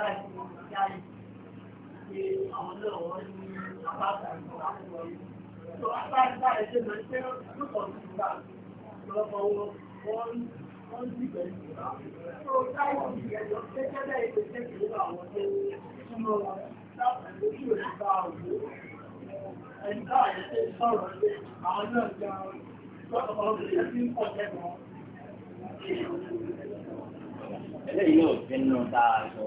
Ẹni táà yẹ́ náà dáa sọ.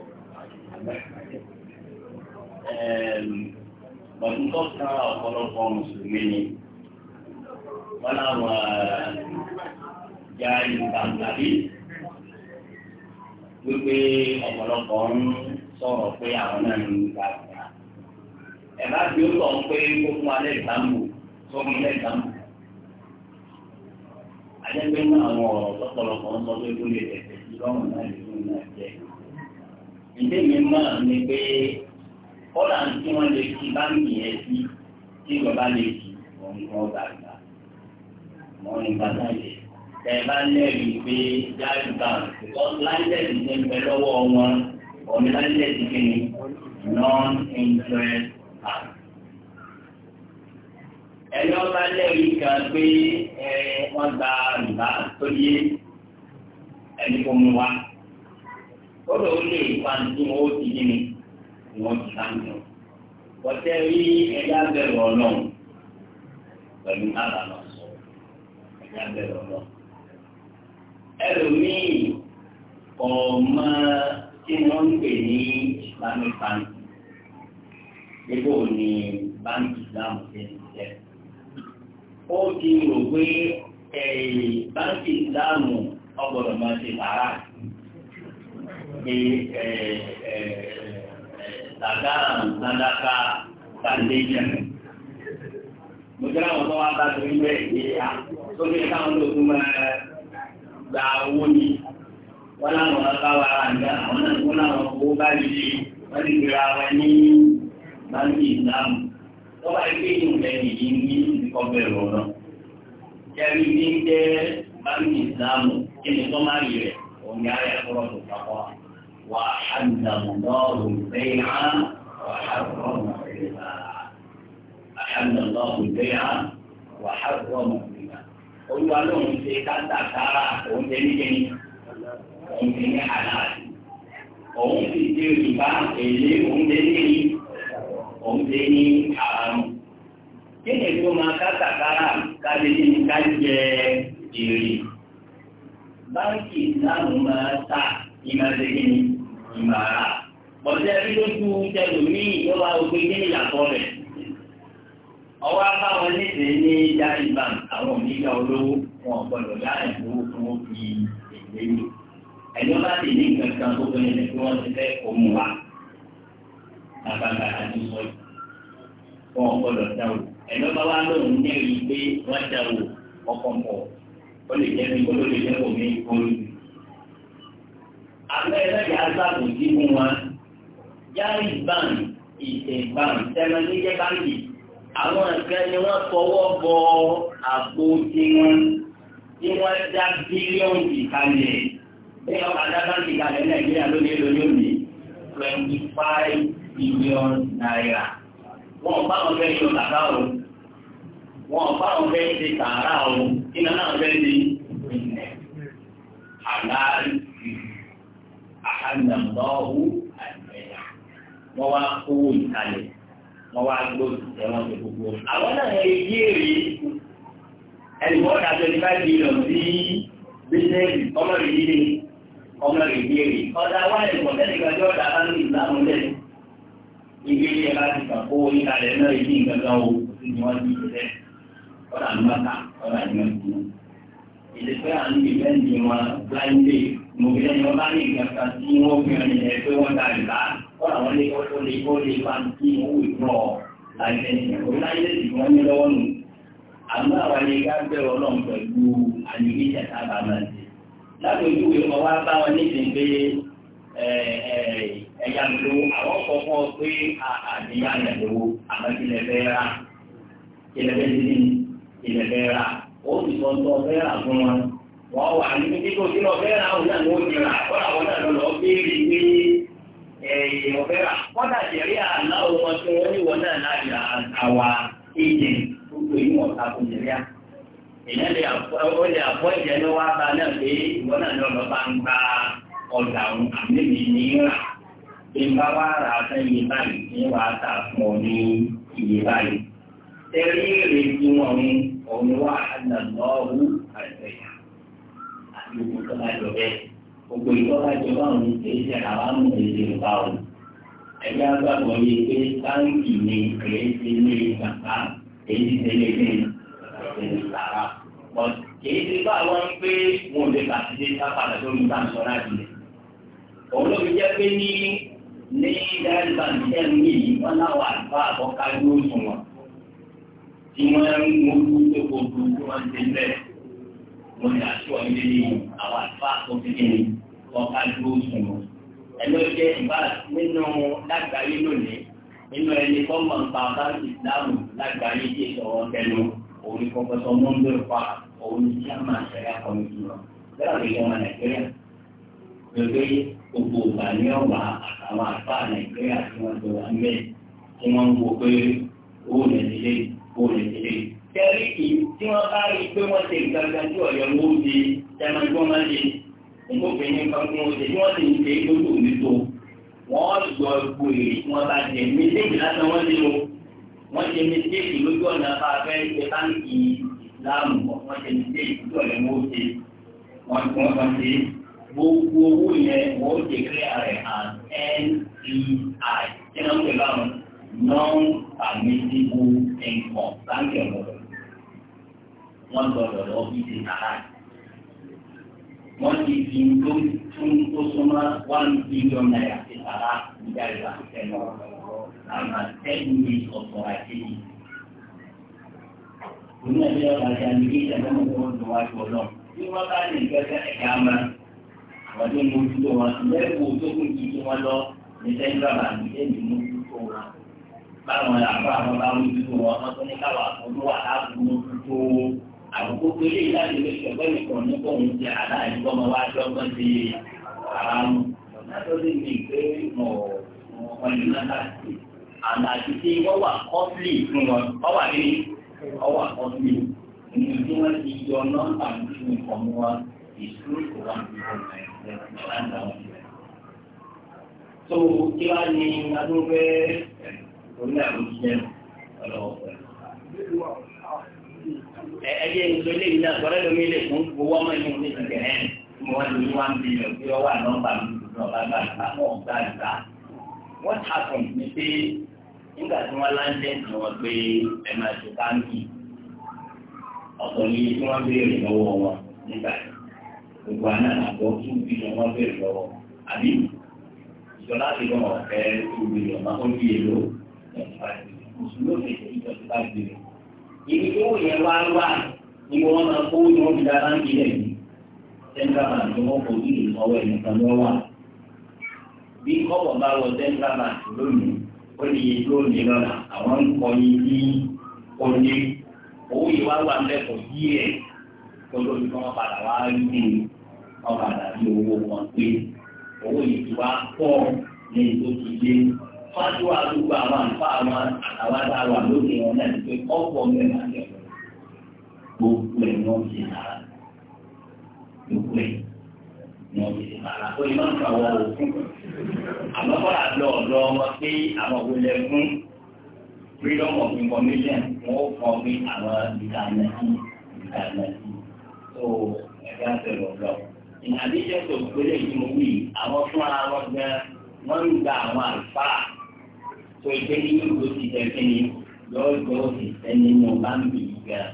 Bọ̀dún tó sára ọ̀pọ̀lọpọ̀ Mùsùlùmí ni, wọ́n láwọn ya ìgbàgbàbí wípé ọ̀pọ̀lọpọ̀ ń sọ̀rọ̀ pé àwọn náà ń Ẹ̀bá tí ó sọ pé kó fún alẹ́ ìgbàmù tó fún alẹ́ ìgbàmù. Ajẹ́pẹ́ náà àwọn ọ̀rọ̀ ń sọ pé ìdí mi mọ̀ ni pé kọ́là tí wọ́n lè fi báńkì yẹn sí tí ìjọba lè fi òun kan gbàgbà wọ́n ní bàtà yẹn tẹ̀ bá lẹ́rìí pé jáde báńkì kọ́ láńdẹ̀dì ti ń bẹ lọ́wọ́ wọn òun láńdẹ̀dì kí ni non-interest bank. ẹni ọba lẹ́rìí kan pé wọ́n gba rìbá tó yé ẹni kò mú wa. kọ́dọ̀ ó lè fa nínú owó ti ní ni wọ́n ti bá ń Wọ́tẹ́ rí ẹja bẹ̀rù ọlọ́run pẹ̀lú àlànà sọ ẹja bẹ̀rù Ẹlòmíì tí wọ́n ń pè ní ni báńkì ṣe ń pé tàdáàrùn sádàkà foundation. mo jẹ́ àwọn tó wá bá torí bẹ́ẹ̀ pé a tó ní káwọn tó tún máa gba owó ni wọ́n láwọn bá wà á àwọn náà wọ́n láwọn owó bá lè ṣe wọ́n ti gbé ara ní báńkì ìsìlámù. wọ́n bá gbé ìlú lẹ́yìn yìí ní ìkọ́bẹ̀ rọ̀ náà. jẹ́rìí ní jẹ́ báńkì ìsìlámù kí ni tó máa rí rẹ̀ òun ẹ̀kọ́ rọ̀ tó وأحل الله البيع وحرم الربا أحل الله البيع وحرم الربا olúwa ló ń ṣe kátàkárà òun ṣe nígbẹ́ni òun ṣe ní àlàáfíà òun sì ṣe rìbá èlé òun ṣe nígbẹ́ni òun ṣe ní àrùn. kí ni tó máa kátàkárà káde ní ká jẹ èrè báńkì náà máa ta ìmọ̀ ṣe kí ni ìmàrà bọ̀dé rí lójú tẹlu míì yóò wá gbé kí ni rẹ̀ ọwọ́ abáwọn nísìnyí ní jáde bank àwọn oníyà olówó wọn gbọdọ̀ yá ẹ̀dínwó fún òbí ìgbéyìí ẹ̀yọ́ bá ti ní nǹkan kan tó fẹ́ẹ́ lẹ́sẹ̀ wọ́n ti fẹ́ òun wa nàbàgà àti sọ́yì wọn gbọdọ̀ dá o ẹ̀yọ́ bá wá lóun ní ẹ̀rí pé wọ́n dá o ọkọ̀ ó lè jẹ́ mi ó lè jẹ́ omi ìkórè mi. afẹ́fẹ́ yà sábò sí fún wa yari bank ìtẹ̀ bank tẹ́lẹ̀ níjẹ́ báńkì àwọn nǹkan ni wọ́n fọwọ́ bọ àpò tiwọn tí wọ́n dá bílíọ̀nù kalẹ̀ bí wọ́n bá dá báńkì kalẹ̀ nàìjíríà lónìí lónìí òní twenty five billion naira wọ́n bá wọn fẹ́ yọ bàbá o wọ́n bá wọn ṣe sàárà o kí náà ṣe àgbáyé. ànàmọ́hù àgbẹ̀yà ìtàlẹ̀ wọ́n wá gbóòtù tẹ́wọ́n tó gbogbo. àwọn náà yẹ yé rí ẹni wọ́n ta twenty sí bísíǹsì ọmọ rẹ̀ yíyé ọmọ rẹ̀ ọ̀dà wá tẹ́lẹ̀ ọ̀dà bá ní ìlànà bá ti ìtàlẹ̀ náà nǹkan kan ti ní wọ́n ti ọ̀dà mòbílẹ̀ ni wọ́n bá ní tí wọ́n fi hàn nílẹ̀ pé wọ́n da àwọn lé kọ́tọ́ lé kó lè fa tí owó ìgbọ́ láìsẹ̀sì òun láìsẹ̀sì wọ́n ní lọ́wọ́ nù. àmọ́ àwọn ilé ká bẹ̀rẹ̀ ọlọ́run pẹ̀lú àyèké ìjàta bàbá ti. látòjú pé ọwọ́ bá wọn ní ìsìn pé ẹ̀yà ló àwọn kọ̀ọ̀kan pé àdéhà yà lówó àmọ́ fẹ́ rà kílẹ̀ fẹ́ wọ́n wà ní kíkó tí wọ́n fẹ́ ra òun náà ló ti rà kọ́ra náà lọ́ọ́ béèrè pé ọ̀fẹ́ rà kọ́dà jẹ̀rí àná wọn tí wọ́n ní wọn náà láti àwa ìjì gbogbo yìí wọ́n ta fún jẹ̀rí ìyẹn lè ó lè àpọ́ ìjẹ́ ló wá ba náà pé ìwọ náà lọ́ọ́ bá ń gba ọ̀dà òun àmì ní rà ìgbà wa rà fẹ́ yé báyìí ní wàá ta fún ọ ní iye báyìí. tẹ́rí bẹ́ẹ̀ gbogbo ìtọ́ka ìjọba òní ṣe é ṣe àwọn àmì ìṣe òní. ẹgbẹ́ agbábọ̀ yìí pé báńkì ni kìí ṣe ilé bàbá èyí ṣe ilé ní ìṣẹ̀lẹ̀ ìsàrà. kìí ṣe bá wọn pé wọn ò lè bá ti dé sápàdà tó ń bá ń sọ́ra jùlẹ̀. òun ló fi jẹ́ pé ní ní dáìlì bàǹkì jẹ́ mi yìí wọ́n láwọn àgbà àbọ̀kájú òṣùwọ̀n tí wọ́n ń mú ojú tó kó wọ́n ní aṣọ ilé ní àwọn àlùfà tó ti ní ọ̀ka dúró sùn. ẹ̀lọ́ jẹ́ ìbá nínú lágbàáyé lónìí nínú ẹni tó mọ̀ nípa báńkì ìsìláàmù lágbàáyé tí ìṣòro tẹnu òun kọ́kọ́tọ́ mọ́ńdọ̀ pa òun tí a máa ṣẹ̀yà kọ́mìtì lọ. bẹ́ẹ̀ ni ìjọba nàìjíríà gbogbo gbogbo ìgbà ní ọ̀wà àtàwọn àlùfà tẹ̀lé yìí tí wọ́n bá rí pé wọ́n ṣe gbàgbà tí ọ̀yọ́ wó di jẹ́mọ̀ tí máa ṣe nígbà obìnrin kan fún oṣù tí wọ́n sì ń ṣe lójú mi tó wọ́n gbọ́ gbogbo èrè tí wọ́n bá jẹ méjèèjì lásán wọ́n ti lò wọ́n ṣe méjèèjì lójú ọ̀nà bá a fẹ́ ṣe báńkì ìsìláàmù wọ́n ṣe méjèèjì lójú ọ̀nà wọ́n ṣe wọ́n ti wọ́n ṣe gbogbo owó yẹn wọ́n ṣe kílẹ̀ rẹ̀ as npi e kí wọ́n ṣe báwọn non-permissible income báńkì ọ̀gbọ̀n wọ́n gbọ́dọ̀ lọ bí ti tàrà. Wọ́n ti fi tó tún ó súnmọ́ one billion naira ti tàrà nígbà ìgbà tẹ̀lé àmà ten minutes of quarantine. Òní ẹgbẹ́ ọ̀la ti àmì kí ìṣẹ̀lẹ̀ mọ̀ ń lọ wá sí Bí wọ́n bá lè gbẹ́sẹ̀ ẹ̀ka ma, àwọn tó ń mojú tó wọn, lẹ́kọ̀ọ́ tó kù kí tí wọ́n lọ ní sẹ́ńtà bàbí ẹ̀mí mojú tó wọn. Báwọn làbá àwọn bá mojú tó wọn, wọ́n tó ní káwọn àkókò wà láàbù tó wọn àbùkù pé ilé ìdájọ́ lè ṣẹ̀gbẹ́ nìkan ní kóun jẹ aláìní kọ́ ọmọ wa dọ́gbọ́n ti àrùn látọ́lé mi pé mo ọmọ ìlú náà ti àmà àti wọ́n wà kọ́fìlì fún wọn wọ́n wà ní wọ́n wà kọ́fìlì ní tí wọ́n ti yọ nọ́mbà nínú ìkọ̀mú wa ìṣúrù kò wà ní ìlànà tó kí wá ní adúgbò orí àrùn jẹ́ ọlọ́wọ́ pẹ̀lú. ẹyẹ ìlọlẹ yìí náà gbọ́dọ̀ lómi lè fún owó ọmọ inú mi ti gẹrẹ mo wá ní wá ń bí lọ bí ọwọ́ àlọmbà mi lùdú ọba gbà gbà mọ gbà gbà what happened ni pé nígbà tí wọn láńjẹ ní wọn pé ẹ máa tí wọ́n béèrè lọ́wọ́ wọn nígbà gbogbo àná àgbọ̀ béèrè lọ́wọ́ àbí ibi tó wù yẹn wá wà ni wọ́n máa kó ní wọ́n fi dára ń central bank ni wọ́n kò ní ìsanwó ẹ̀ nìkan ló wà. bí kọ́pọ̀ bá wọ central bank lónìí ó lè yẹ tó lè lọ́la àwọn ń kọ́ ní bí owó yìí wá wà lẹ́kọ̀ọ́ díẹ̀ tó lórí kí wọ́n padà wá rí bí wọ́n padà owó wọn pé owó yìí ti wá pọ̀ ní ètò ìdílé fájú àdúgbò àwọn àǹfà àwọn àtàwọn àtàwọn wọn náà ti pé ọ̀pọ̀ mẹ́rin àti gbogbo ẹ̀ ni wọ́n ti gbogbo ẹ̀ ni wọ́n ti sára yẹ máa ń kàwọ́ o àmọ́ kọ́lá lọ ọ̀dọ́ wọn pé àwọn òwúlẹ̀ fún freedom of information wọn ó fọ pé àwọn ìdáná sí ìdáná sí tó ẹgbẹ́ àtẹ̀rọ̀ lọ ìnáwó iṣẹ́ tó gbélé ìmúwì àwọn fúnra wọn gan wọ́n ń gba àwọn àlùfáà tó ìgbé yìí ló ti tẹ̀sí ni lọ́jọ́ òṣìṣẹ́ nínú báńkì yìí gan.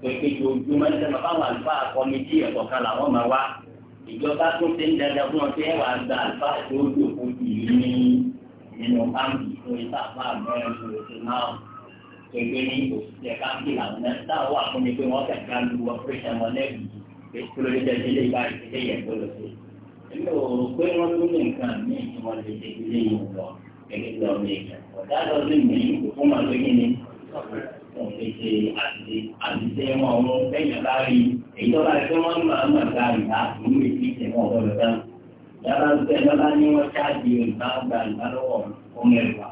tó ìgbé yìí ojúmọ́ ní sẹ́nu báwọn àlùfáà kọ́mítì ẹ̀kọ́ kan làwọn máa wá. ìjọba tó ṣe ń dandan fún ọ pé ẹwà gba àlùfáà tó dòkó jù ní nínú báńkì tó ìta àlùfáà mẹ́rin ló ti máa tó ìgbé yìí òṣìṣẹ́ báńkì làwọn náà táwọn wà fún mi pé wọ́n fẹ̀ ká lu ọpẹ́ṣẹ̀ wọn lẹ́bi pẹ̀lú lọ́ọ̀mù èèyàn ọ̀dà lọ́ọ̀mù èèyàn kò fún màá lóyún ni wọ́n fi ṣe àṣìṣe àṣìṣe wọn wọn lẹ́yìn bá èyí tó bá rí pé wọ́n máa máa gba ìgbà ìlú èyí tẹ̀ wọ́n ọ̀dọ́ lọ́dá yàrá ń bẹ́ẹ̀ lọ́lá ní wọ́n ṣáàjì ìgbà gbà ìgbà lọ́wọ́ ọmọ ẹ̀wà